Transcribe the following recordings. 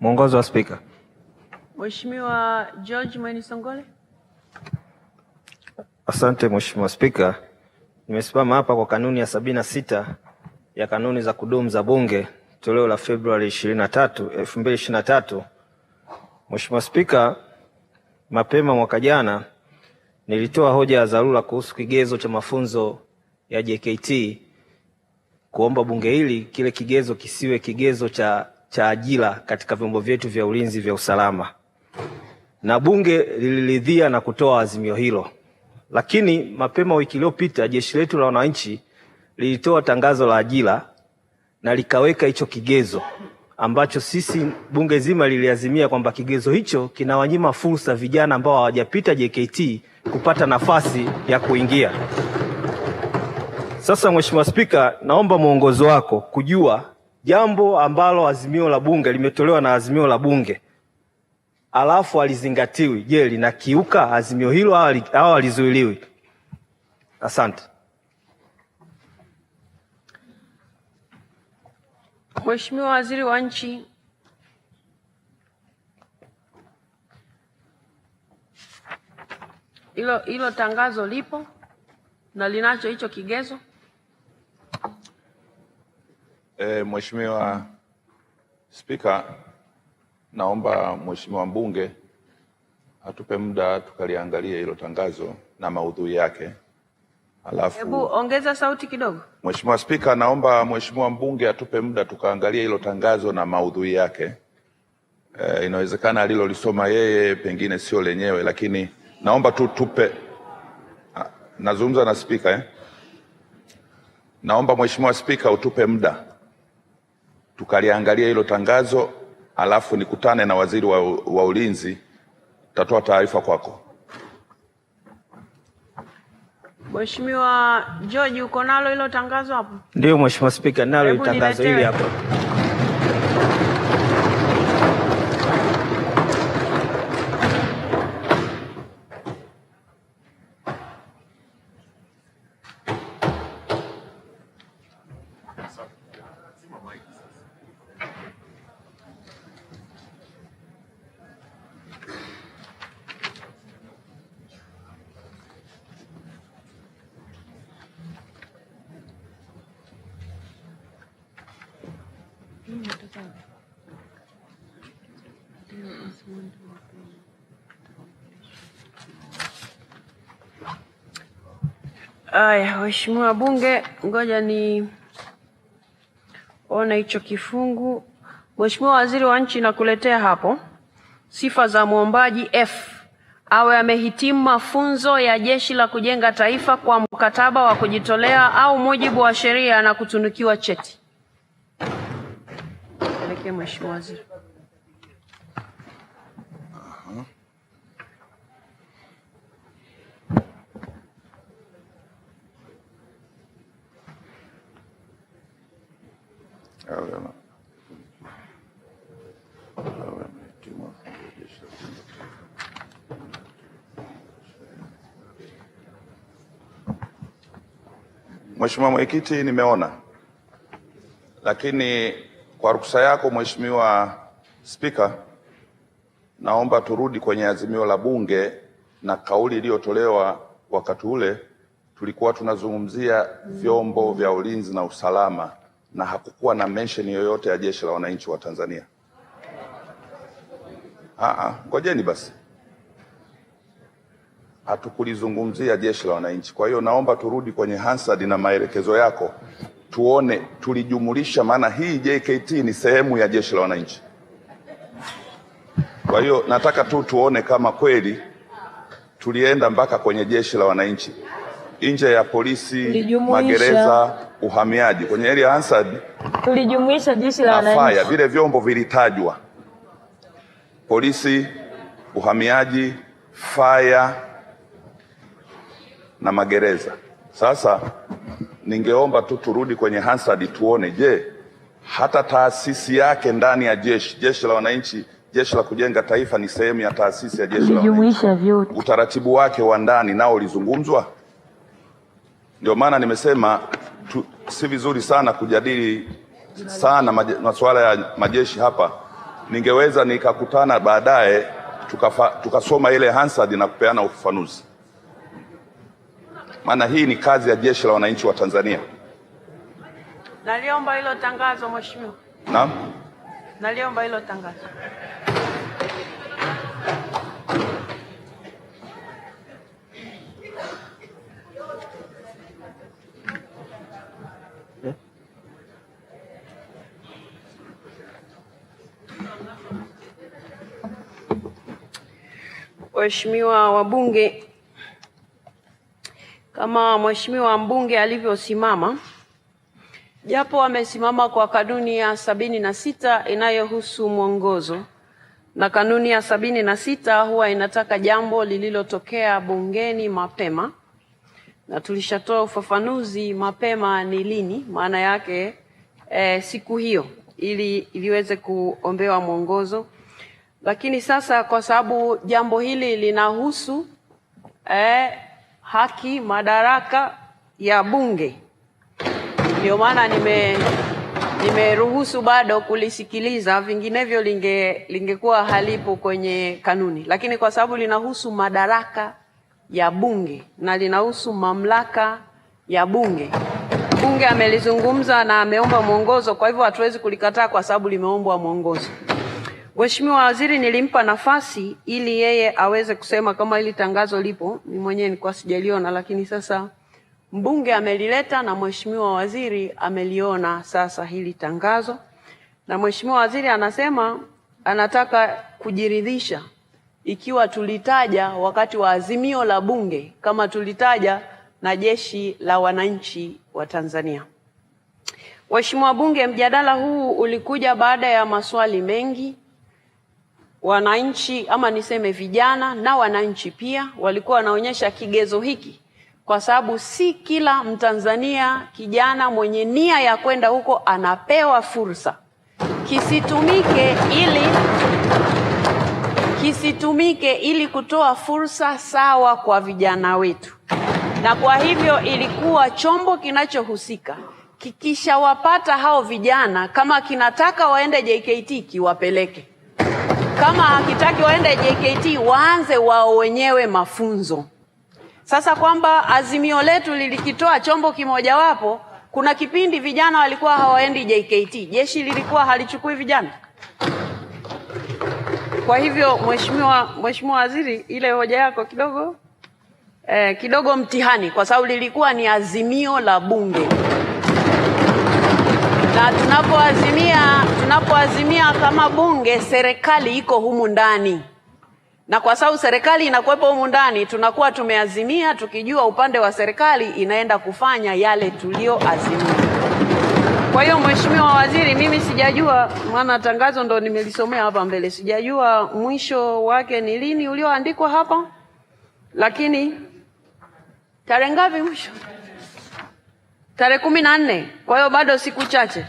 Mwongozo wa Spika. Mheshimiwa George Mweni Songole. Asante Mheshimiwa Spika, nimesimama hapa kwa kanuni ya sabini na sita ya kanuni za kudumu za Bunge toleo la Februari 23, 2023. Mheshimiwa Spika, mapema mwaka jana nilitoa hoja ya dharura kuhusu kigezo cha mafunzo ya JKT kuomba bunge hili kile kigezo kisiwe kigezo cha cha ajira katika vyombo vyetu vya ulinzi vya usalama, na bunge liliridhia na kutoa azimio hilo. Lakini mapema wiki iliyopita jeshi letu la wananchi lilitoa tangazo la ajira na likaweka hicho kigezo ambacho sisi bunge zima liliazimia kwamba kigezo hicho kinawanyima fursa vijana ambao hawajapita JKT kupata nafasi ya kuingia. Sasa Mheshimiwa Spika, naomba mwongozo wako kujua jambo ambalo azimio la bunge limetolewa na azimio la bunge alafu alizingatiwi, je, linakiuka azimio hilo au alizuiliwi? Asante. Mheshimiwa Waziri wa Nchi. Hilo hilo tangazo lipo na linacho hicho kigezo. E, Mheshimiwa Spika, naomba Mheshimiwa mbunge atupe muda tukaliangalie hilo tangazo na maudhui yake. Alafu Hebu ongeza sauti kidogo. Mheshimiwa Spika, naomba Mheshimiwa mbunge atupe muda tukaangalie hilo tangazo na maudhui yake. E, inawezekana alilolisoma yeye pengine sio lenyewe, lakini naomba tu tupe ah, nazungumza na spika eh? Naomba Mheshimiwa Spika utupe muda tukaliangalia hilo tangazo, alafu nikutane na waziri wa, wa ulinzi, tatoa taarifa kwako. Mheshimiwa George, uko nalo hilo tangazo hapo? Ndio Mheshimiwa Spika, nalo tangazo hili hapo. Aya, waheshimiwa wabunge, ngoja ni ona hicho kifungu. Mheshimiwa Waziri wa Nchi, nakuletea hapo sifa za mwombaji F awe amehitimu mafunzo ya Jeshi la Kujenga Taifa kwa mkataba wa kujitolea au mujibu wa sheria na kutunukiwa cheti. Mpelekee mheshimiwa waziri. Mheshimiwa Mwenyekiti, nimeona lakini kwa ruksa yako Mheshimiwa Spika, naomba turudi kwenye azimio la Bunge na kauli iliyotolewa wakati ule. Tulikuwa tunazungumzia vyombo vya ulinzi na usalama na hakukuwa na mention yoyote ya Jeshi la Wananchi wa Tanzania. Ah, ah, ngojeni basi, hatukulizungumzia Jeshi la Wananchi. Kwa hiyo naomba turudi kwenye Hansard na maelekezo yako tuone tulijumulisha, maana hii JKT ni sehemu ya jeshi la wananchi. Kwa hiyo nataka tu tuone kama kweli tulienda mpaka kwenye jeshi la wananchi, nje ya polisi, magereza, uhamiaji, kwenye area Hansard tulijumuisha jeshi la wananchi faya, vile vyombo vilitajwa: polisi, uhamiaji, faya na magereza. Sasa ningeomba tu turudi kwenye Hansard tuone, je, hata taasisi yake ndani ya jeshi, jeshi la wananchi, jeshi la kujenga taifa ni sehemu ya taasisi ya jeshi la wananchi, utaratibu wake wa ndani nao ulizungumzwa. Ndio maana nimesema tu, si vizuri sana kujadili sana masuala ya majeshi hapa. Ningeweza nikakutana baadaye tukasoma tuka ile Hansard na kupeana ufafanuzi maana hii ni kazi ya jeshi la wananchi wa Tanzania. Naliomba hilo tangazo mheshimiwa. Naam. Naliomba hilo tangazo. Waheshimiwa wabunge, kama mheshimiwa mbunge alivyosimama, japo amesimama kwa kanuni ya sabini na sita inayohusu mwongozo, na kanuni ya sabini na sita huwa inataka jambo lililotokea bungeni mapema, na tulishatoa ufafanuzi mapema ni lini, maana yake e, siku hiyo ili iliweze kuombewa mwongozo. Lakini sasa kwa sababu jambo hili linahusu e, haki madaraka ya bunge. Ndio maana nime nimeruhusu bado kulisikiliza, vinginevyo linge lingekuwa halipo kwenye kanuni, lakini kwa sababu linahusu madaraka ya bunge na linahusu mamlaka ya bunge, bunge amelizungumza na ameomba mwongozo, kwa hivyo hatuwezi kulikataa kwa sababu limeombwa mwongozo. Mheshimiwa Waziri nilimpa nafasi ili yeye aweze kusema kama hili tangazo lipo. Mimi mwenyewe nilikuwa sijaliona, lakini sasa mbunge amelileta na Mheshimiwa Waziri ameliona sasa hili tangazo, na Mheshimiwa Waziri anasema anataka kujiridhisha ikiwa tulitaja wakati wa azimio la Bunge kama tulitaja na Jeshi la Wananchi wa Tanzania. Mheshimiwa Bunge, mjadala huu ulikuja baada ya maswali mengi wananchi ama niseme vijana na wananchi pia walikuwa wanaonyesha kigezo hiki, kwa sababu si kila Mtanzania kijana mwenye nia ya kwenda huko anapewa fursa. Kisitumike ili kisitumike ili kutoa fursa sawa kwa vijana wetu, na kwa hivyo ilikuwa chombo kinachohusika kikishawapata hao vijana, kama kinataka waende JKT kiwapeleke kama hakitaki waende JKT, waanze wao wenyewe mafunzo. Sasa kwamba azimio letu lilikitoa chombo kimojawapo, kuna kipindi vijana walikuwa hawaendi JKT, jeshi lilikuwa halichukui vijana. Kwa hivyo mheshimiwa, mheshimiwa waziri, ile hoja yako kidogo eh, kidogo mtihani, kwa sababu lilikuwa ni azimio la bunge na tunapoazimia tunapoazimia kama bunge, serikali iko humu ndani, na kwa sababu serikali inakuwepo humu ndani, tunakuwa tumeazimia tukijua upande wa serikali inaenda kufanya yale tulioazimia. Kwa hiyo Mheshimiwa Waziri, mimi sijajua, maana tangazo ndo nimelisomea hapa mbele, sijajua mwisho wake ni lini ulioandikwa hapa, lakini tarehe ngapi mwisho? Tarehe kumi na nne. Kwa hiyo bado siku chache.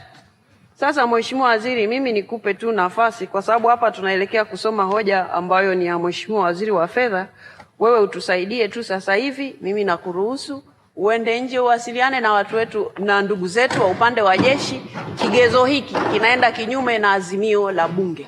Sasa Mheshimiwa Waziri, mimi nikupe tu nafasi, kwa sababu hapa tunaelekea kusoma hoja ambayo ni ya Mheshimiwa Waziri wa Fedha. Wewe utusaidie tu sasa hivi, mimi nakuruhusu uende nje uwasiliane na watu wetu na ndugu zetu wa upande wa jeshi. Kigezo hiki kinaenda kinyume na azimio la Bunge.